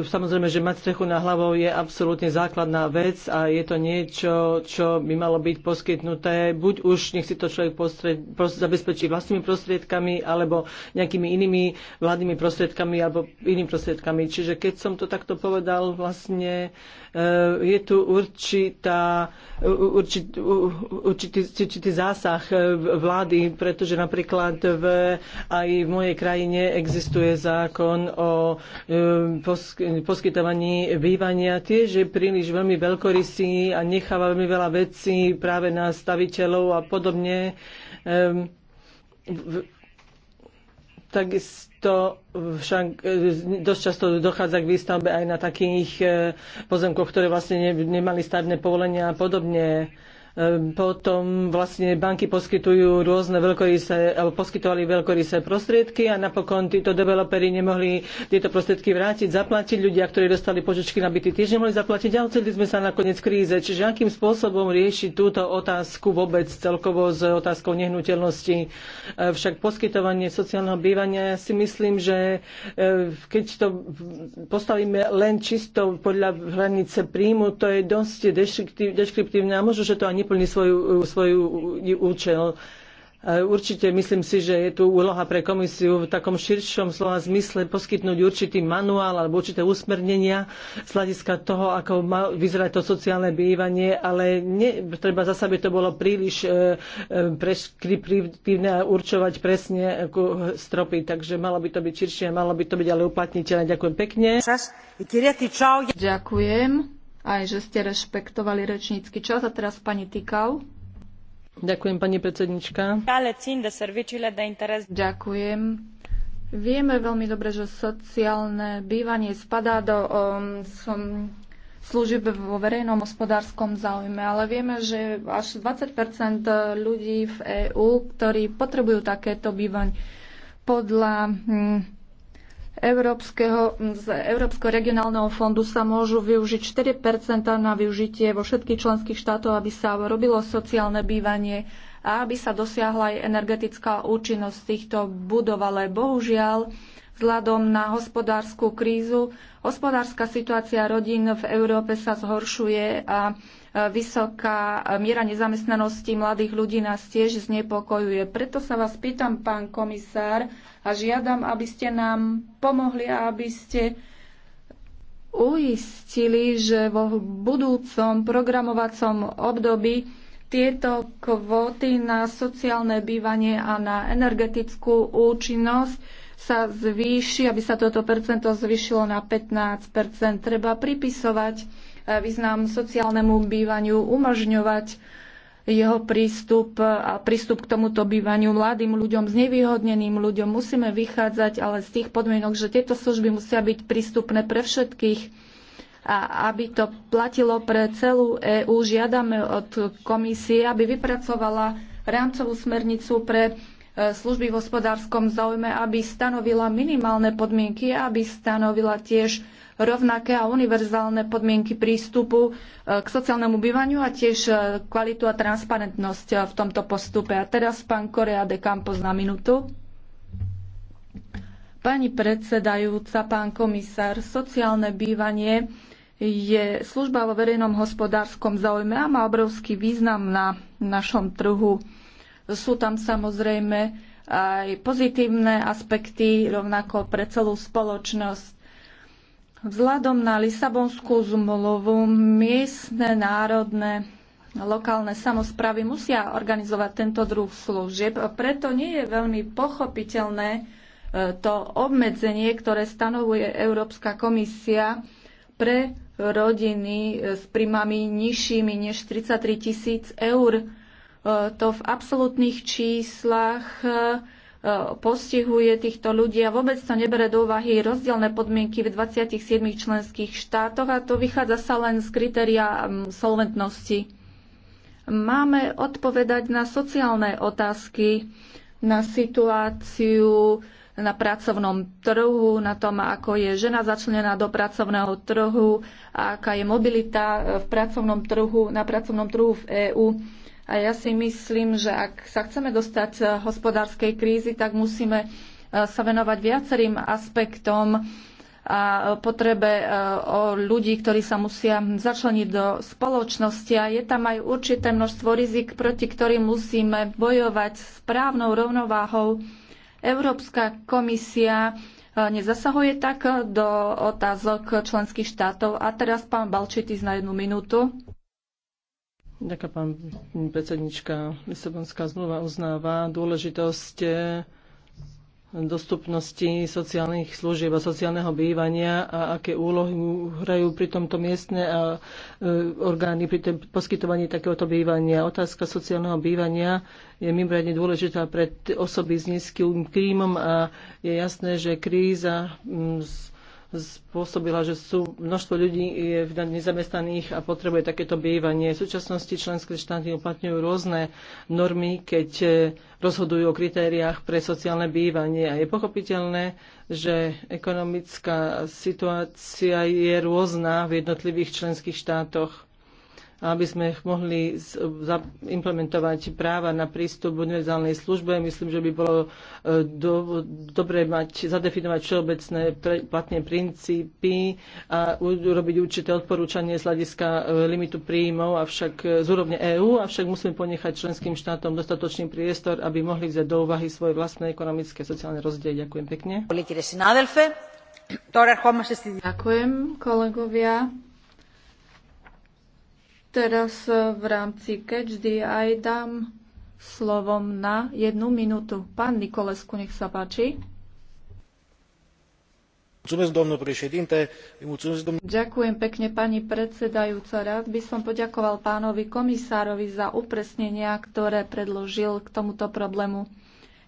samozrejme, že mať strechu na hlavou je absolútne základná vec a je to niečo, čo by malo byť poskytnuté, buď už nech si to človek postred, prost, zabezpečí vlastnými prostriedkami, alebo nejakými inými vládnymi prostriedkami, alebo inými prostriedkami. Čiže keď som to takto povedal, vlastne e, je tu určitá, určitý, určitý, určitý zásah e, vlády, pretože napríklad v, aj v mojej krajine existuje zákon o E, poskytovaní bývania tiež je príliš veľmi veľkorysý a necháva veľmi veľa vecí práve na staviteľov a podobne. Takisto však e, dosť často dochádza k výstavbe aj na takých e, pozemkoch, ktoré vlastne nemali stavné povolenia a podobne. Ehm, potom vlastne banky poskytujú rôzne veľkorysé, alebo poskytovali veľkorysé prostriedky a napokon títo developeri nemohli tieto prostriedky vrátiť, zaplatiť. Ľudia, ktorí dostali požičky na byty, tiež nemohli zaplatiť a ocitli sme sa nakoniec kríze. Čiže akým spôsobom riešiť túto otázku vôbec celkovo s otázkou nehnuteľnosti? E, však poskytovanie sociálneho bývania, ja si myslím, že e, keď to postavíme len čisto podľa hranice príjmu, to je dosť deškriptívne a možno, že to ani neplní svoju, svoju účel. E, určite myslím si, že je tu úloha pre komisiu v takom širšom slova zmysle poskytnúť určitý manuál alebo určité usmernenia z hľadiska toho, ako má vyzerať to sociálne bývanie, ale ne, treba zase, aby to bolo príliš e, e, preskriptívne a určovať presne ako stropy, takže malo by to byť širšie, malo by to byť ale uplatniteľné. Ďakujem pekne. Ďakujem aj že ste rešpektovali rečnícky čas. A teraz pani Tikal. Ďakujem, pani predsednička. Ďakujem. Vieme veľmi dobre, že sociálne bývanie spadá do um, služieb vo verejnom hospodárskom záujme, ale vieme, že až 20 ľudí v EÚ, ktorí potrebujú takéto bývanie, podľa hm, Európskeho, z Európskeho regionálneho fondu sa môžu využiť 4 na využitie vo všetkých členských štátoch, aby sa robilo sociálne bývanie a aby sa dosiahla aj energetická účinnosť týchto budov, ale bohužiaľ vzhľadom na hospodárskú krízu hospodárska situácia rodín v Európe sa zhoršuje a E, vysoká e, miera nezamestnanosti mladých ľudí nás tiež znepokojuje. Preto sa vás pýtam, pán komisár, a žiadam, aby ste nám pomohli a aby ste uistili, že vo budúcom programovacom období tieto kvóty na sociálne bývanie a na energetickú účinnosť sa zvýši, aby sa toto percento zvýšilo na 15 Treba pripisovať význam sociálnemu bývaniu, umožňovať jeho prístup a prístup k tomuto bývaniu mladým ľuďom, znevýhodneným ľuďom. Musíme vychádzať ale z tých podmienok, že tieto služby musia byť prístupné pre všetkých a aby to platilo pre celú EÚ. Žiadame od komisie, aby vypracovala rámcovú smernicu pre e, služby v hospodárskom záujme, aby stanovila minimálne podmienky, aby stanovila tiež rovnaké a univerzálne podmienky prístupu e, k sociálnemu bývaniu a tiež e, kvalitu a transparentnosť e, v tomto postupe. A teraz pán Korea de Campos na minútu. Pani predsedajúca, pán komisár, sociálne bývanie je služba vo verejnom hospodárskom záujme a má obrovský význam na našom trhu. Sú tam samozrejme aj pozitívne aspekty rovnako pre celú spoločnosť. Vzhľadom na Lisabonskú zmluvu miestne, národné, lokálne samozprávy musia organizovať tento druh služieb, preto nie je veľmi pochopiteľné e, to obmedzenie, ktoré stanovuje Európska komisia pre rodiny e, s príjmami nižšími než 33 tisíc eur. E, to v absolútnych číslach postihuje týchto ľudí a vôbec to nebere do úvahy rozdielne podmienky v 27 členských štátoch a to vychádza sa len z kritéria mm, solventnosti. Máme odpovedať na sociálne otázky, na situáciu na pracovnom trhu, na tom, ako je žena začlenená do pracovného trhu, aká je mobilita e, v pracovnom trhu, na pracovnom trhu v EÚ. A ja si myslím, že ak sa chceme dostať hospodárskej krízy, tak musíme e, sa venovať viacerým aspektom a potrebe e, o ľudí, ktorí sa musia začleniť do spoločnosti. A je tam aj určité množstvo rizik, proti ktorým musíme bojovať správnou rovnováhou Európska komisia eh, nezasahuje tak eh, do otázok členských štátov. A teraz pán Balčitis na jednu minútu. Ďakujem, pán predsednička. Lisabonská zmluva uznáva dôležitosť eh, dostupnosti sociálnych služieb a sociálneho bývania a aké úlohy hrajú pri tomto miestne a e, orgány pri tom poskytovaní takéhoto bývania. Otázka sociálneho bývania je mimoriadne dôležitá pre osoby s nízkym príjmom a je jasné, že kríza z spôsobila, že sú množstvo ľudí je nezamestnaných a potrebuje takéto bývanie. V súčasnosti členské štáty uplatňujú rôzne normy, keď e, rozhodujú o kritériách pre sociálne bývanie. A je pochopiteľné, že ekonomická situácia je rôzna v jednotlivých členských štátoch aby sme mohli implementovať práva na prístup univerzálnej službe. Myslím, že by bolo e, do, dobre mať, zadefinovať všeobecné platné princípy a urobiť určité odporúčanie z hľadiska e, limitu príjmov avšak e, z úrovne EÚ, avšak musíme ponechať členským štátom dostatočný priestor, aby mohli vziať do úvahy svoje vlastné ekonomické a sociálne rozdiely. Ďakujem pekne. Ďakujem kolegovia. Teraz eh, v rámci Catch the Eye dám slovom na jednu minútu. Pán Nikolesku, nech sa páči. Ďakujem pekne, pani predsedajúca. Rád by som poďakoval pánovi komisárovi za upresnenia, ktoré predložil k tomuto problému.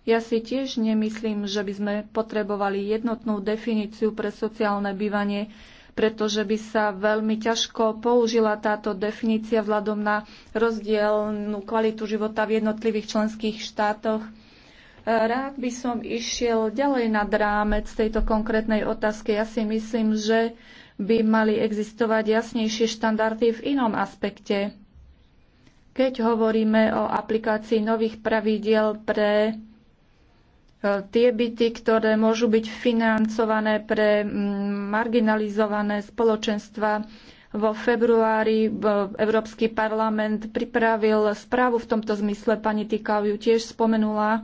Ja si tiež nemyslím, že by sme potrebovali jednotnú definíciu pre sociálne bývanie, pretože by sa veľmi ťažko použila táto definícia vzhľadom na rozdielnú kvalitu života v jednotlivých členských štátoch. Rád by som išiel ďalej nad rámec tejto konkrétnej otázky. Ja si myslím, že by mali existovať jasnejšie štandardy v inom aspekte. Keď hovoríme o aplikácii nových pravidiel pre E, tie byty, ktoré môžu byť financované pre marginalizované spoločenstva. Vo februári e, Európsky parlament pripravil správu v tomto zmysle, pani Tikau ju tiež spomenula.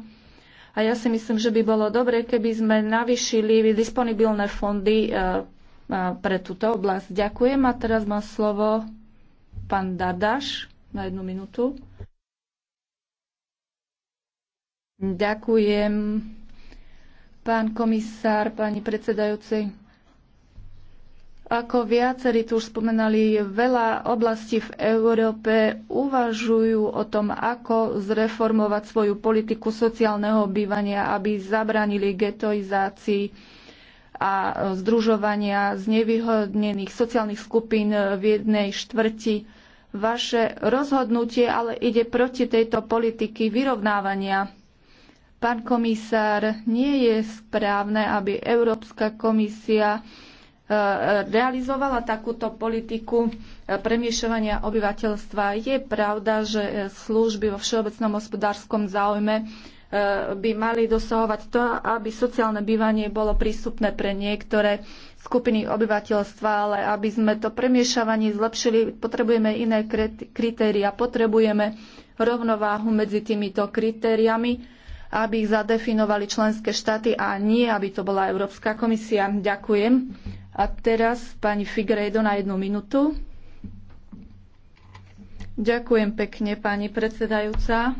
A ja si myslím, že by bolo dobre, keby sme navyšili disponibilné fondy e, pre túto oblasť. Ďakujem a teraz má slovo pán Dardaš na jednu minútu. Ďakujem, pán komisár, pani predsedajúci. Ako viacerí tu už spomenali, veľa oblastí v Európe uvažujú o tom, ako zreformovať svoju politiku sociálneho bývania, aby zabranili getoizácii a združovania znevýhodnených sociálnych skupín v jednej štvrti. Vaše rozhodnutie ale ide proti tejto politiky vyrovnávania. Pán komisár, nie je správne, aby Európska komisia e, realizovala takúto politiku e, premiešovania obyvateľstva. Je pravda, že e, služby vo všeobecnom hospodárskom záujme by mali dosahovať to, aby sociálne bývanie bolo prístupné pre niektoré skupiny obyvateľstva, ale aby sme to premiešavanie zlepšili, potrebujeme iné kritéria, potrebujeme rovnováhu medzi týmito kritériami aby ich zadefinovali členské štáty a nie, aby to bola Európska komisia. Ďakujem. A teraz pani Figredo na jednu minútu. Ďakujem pekne, pani predsedajúca.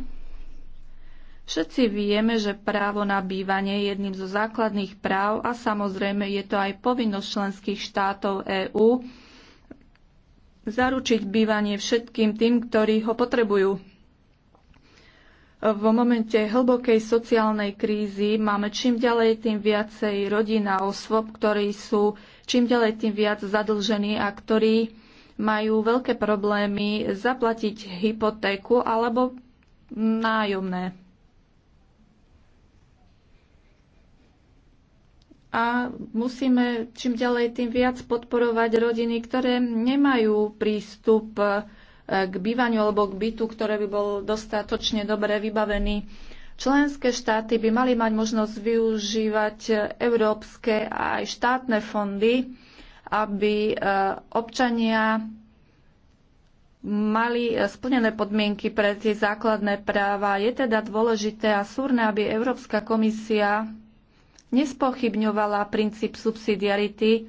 Všetci vieme, že právo na bývanie je jedným zo základných práv a samozrejme je to aj povinnosť členských štátov EÚ zaručiť bývanie všetkým tým, ktorí ho potrebujú v momente hlbokej sociálnej krízy máme čím ďalej tým viacej rodín a osôb, ktorí sú čím ďalej tým viac zadlžení a ktorí majú veľké problémy zaplatiť hypotéku alebo nájomné. A musíme čím ďalej tým viac podporovať rodiny, ktoré nemajú prístup k bývaniu alebo k bytu, ktoré by bol dostatočne dobre vybavený. Členské štáty by mali mať možnosť využívať európske a aj štátne fondy, aby e, občania mali e, splnené podmienky pre tie základné práva. Je teda dôležité a súrne, aby Európska komisia nespochybňovala princíp subsidiarity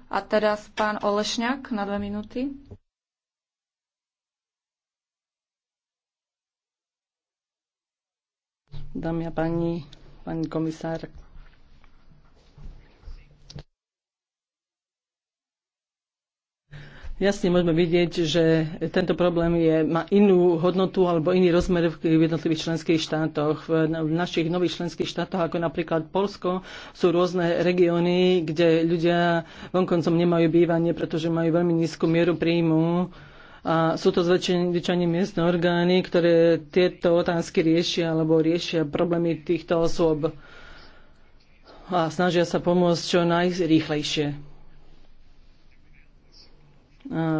a teraz pán Olešňák na dve minúty. Dámy a páni, pani komisár, jasne môžeme vidieť, že tento problém je, má inú hodnotu alebo iný rozmer v jednotlivých členských štátoch. V našich nových členských štátoch, ako napríklad Polsko, sú rôzne regióny, kde ľudia vonkoncom nemajú bývanie, pretože majú veľmi nízku mieru príjmu. A sú to zväčšenie miestne orgány, ktoré tieto otázky riešia alebo riešia problémy týchto osôb a snažia sa pomôcť čo najrýchlejšie.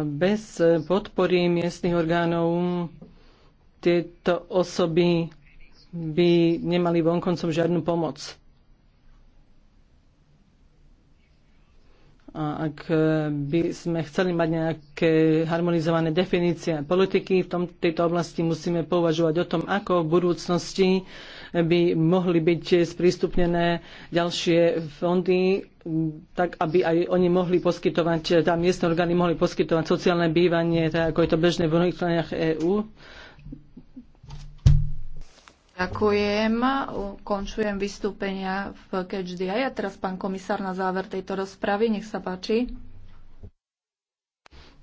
Bez podpory miestnych orgánov tieto osoby by nemali vonkoncom žiadnu pomoc. A ak by sme chceli mať nejaké harmonizované definície politiky v tom, tejto oblasti, musíme považovať o tom, ako v budúcnosti by mohli byť sprístupnené ďalšie fondy, tak aby aj oni mohli poskytovať, tá teda miestne orgány mohli poskytovať sociálne bývanie, tak ako je to bežné v mnohých krajinách EÚ. Ďakujem. Končujem vystúpenia v Catch the Eye. A teraz pán komisár na záver tejto rozpravy. Nech sa páči.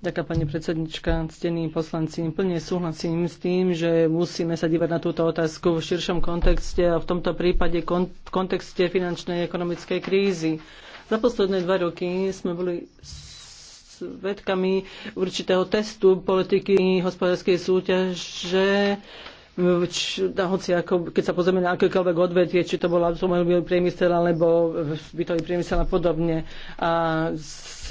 Ďakujem, pani predsednička, ctení poslanci. Plne súhlasím s tým, že musíme sa dívať na túto otázku v širšom kontexte a v tomto prípade kon- kontexte finančnej a ekonomickej krízy. Za posledné dva roky sme boli svedkami určitého testu politiky hospodárskej súťaže, hoci ako, keď sa pozrieme na akékoľvek odvetvie, či to bol automobilový priemysel alebo bytový priemysel a podobne. A s,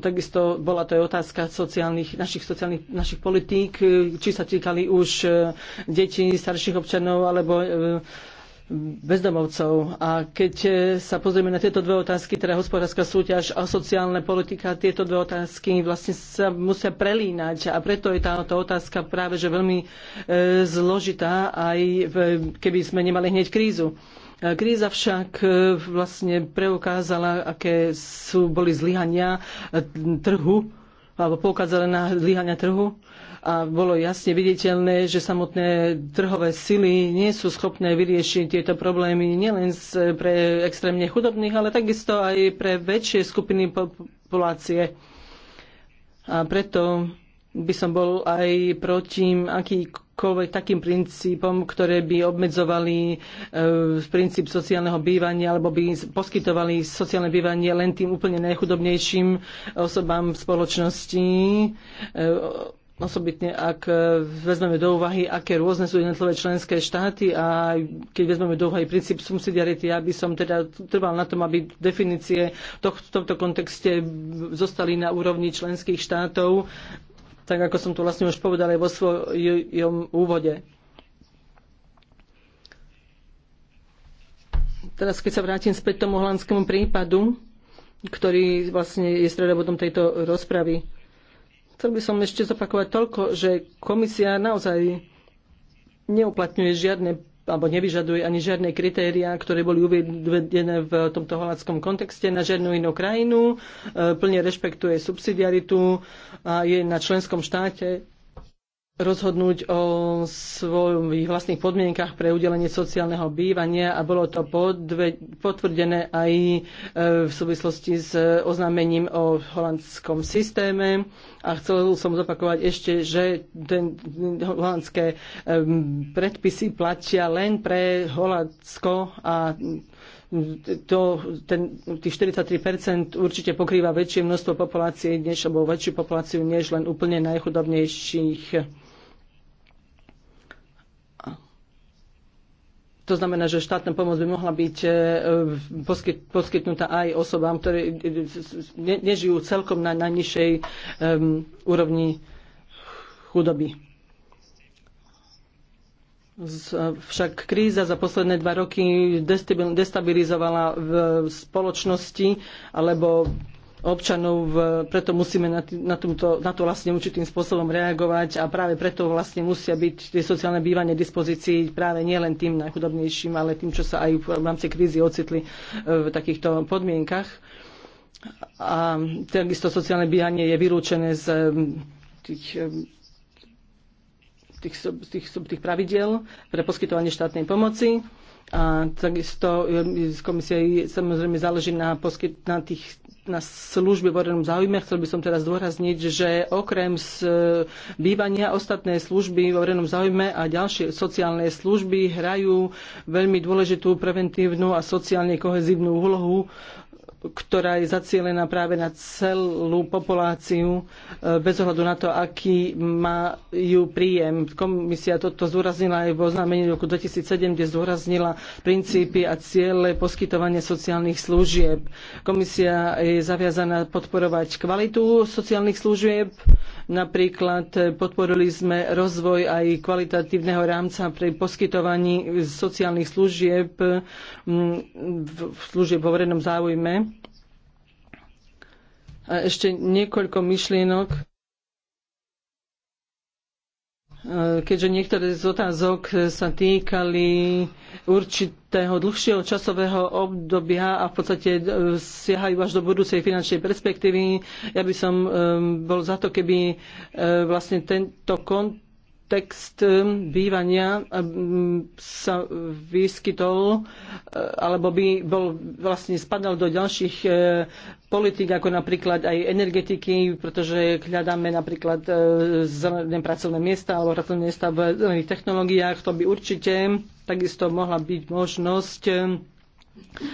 takisto bola to aj otázka sociálnych, našich, sociálnych, našich politík, či sa týkali už e, detí, starších občanov alebo e, bezdomovcov. A keď e, sa pozrieme na tieto dve otázky, teda hospodárska súťaž a sociálna politika, tieto dve otázky vlastne sa musia prelínať a preto je táto otázka práve že veľmi e, zložitá, aj v, keby sme nemali hneď krízu. E, kríza však e, vlastne preukázala, aké sú, boli zlyhania trhu alebo poukázala na zlyhania trhu a bolo jasne viditeľné, že samotné trhové sily nie sú schopné vyriešiť tieto problémy nielen pre extrémne chudobných, ale takisto aj pre väčšie skupiny populácie. A preto by som bol aj proti akýkoľvek takým princípom, ktoré by obmedzovali e, princíp sociálneho bývania alebo by poskytovali sociálne bývanie len tým úplne najchudobnejším osobám v spoločnosti. E, osobitne ak e, vezmeme do úvahy, aké rôzne sú jednotlivé členské štáty a keď vezmeme do úvahy princíp subsidiarity, ja by som teda trval na tom, aby definície v tomto kontexte zostali na úrovni členských štátov, tak ako som to vlastne už povedal aj vo svojom úvode. Teraz keď sa vrátim späť tomu holandskému prípadu, ktorý vlastne je stredobodom tejto rozpravy Chcel by som ešte zopakovať toľko, že komisia naozaj neuplatňuje žiadne alebo nevyžaduje ani žiadne kritériá, ktoré boli uvedené v tomto holandskom kontexte na žiadnu inú krajinu, e, plne rešpektuje subsidiaritu a je na členskom štáte, rozhodnúť o svojich vlastných podmienkach pre udelenie sociálneho bývania a bolo to potvrdené aj e, v súvislosti s oznámením o holandskom systéme. A chcel som zopakovať ešte, že ten holandské e, predpisy platia len pre Holandsko a to, ten, tých 43% určite pokrýva väčšie množstvo populácie, než, alebo väčšiu populáciu, než len úplne najchudobnejších To znamená, že štátna pomoc by mohla byť e, poskytnutá aj osobám, ktoré e, e, nežijú celkom na najnižšej um, úrovni chudoby. Však kríza za posledné dva roky destabilizovala v spoločnosti alebo občanov, preto musíme na, na, tomto, na to vlastne určitým spôsobom reagovať a práve preto vlastne musia byť tie sociálne bývanie dispozícii práve nielen tým najchudobnejším, ale tým, čo sa aj v rámci krízy ocitli e, v takýchto podmienkach. A takisto sociálne bývanie je vylúčené z tých e, tých, tých, tých pravidiel pre poskytovanie štátnej pomoci. A takisto e, z komisie samozrejme záleží na, poskyt, na tých na služby v verejnom záujme. Chcel by som teraz zdôrazniť, že okrem z e, bývania ostatné služby v verejnom záujme a ďalšie sociálne služby hrajú veľmi dôležitú preventívnu a sociálne kohezívnu úlohu ktorá je zacielená práve na celú populáciu, e, bez ohľadu na to, aký majú príjem. Komisia toto zdôraznila aj v oznámení roku 2007, kde zdôraznila princípy a ciele poskytovania sociálnych služieb. Komisia je zaviazaná podporovať kvalitu sociálnych služieb, Napríklad e, podporili sme rozvoj aj kvalitatívneho rámca pre poskytovaní sociálnych služieb, služieb vo verejnom záujme. A ešte niekoľko myšlienok E, keďže niektoré z otázok sa týkali určitého dlhšieho časového obdobia a v podstate e, siahajú až do budúcej finančnej perspektívy. Ja by som e, bol za to, keby vlastne tento kont text bývania sa vyskytol, e, alebo by bol, vlastne spadal do ďalších e, politik, ako napríklad aj energetiky, pretože hľadáme napríklad e, zelené pracovné miesta alebo pracovné miesta v zelených technológiách, to by určite takisto mohla byť možnosť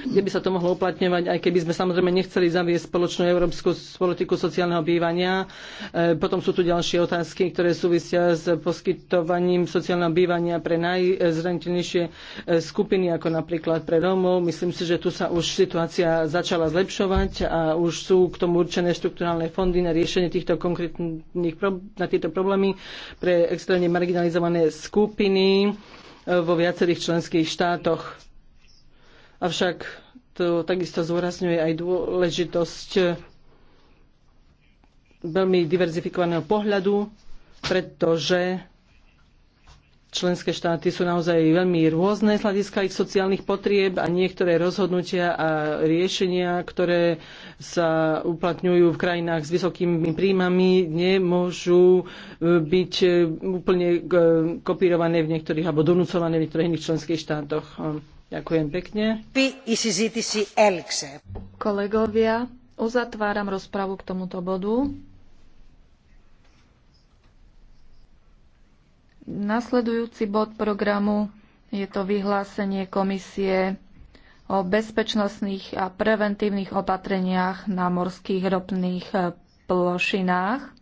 kde by sa to mohlo uplatňovať, aj keby sme samozrejme nechceli zaviesť spoločnú európsku politiku sociálneho bývania. E, potom sú tu ďalšie otázky, ktoré súvisia s poskytovaním sociálneho bývania pre najzraniteľnejšie e, skupiny, ako napríklad pre Rómov. Myslím si, že tu sa už situácia začala zlepšovať a už sú k tomu určené štrukturálne fondy na riešenie týchto konkrétnych na tieto problémy pre extrémne marginalizované skupiny e, vo viacerých členských štátoch Avšak to takisto zúrazňuje aj dôležitosť veľmi diverzifikovaného pohľadu, pretože členské štáty sú naozaj veľmi rôzne z hľadiska ich sociálnych potrieb a niektoré rozhodnutia a riešenia, ktoré sa uplatňujú v krajinách s vysokými príjmami, nemôžu e, byť e, úplne e, kopírované v niektorých alebo donúcované v niektorých iných členských štátoch. Ďakujem pekne. Kolegovia, uzatváram rozpravu k tomuto bodu. Nasledujúci bod programu je to vyhlásenie komisie o bezpečnostných a preventívnych opatreniach na morských ropných plošinách.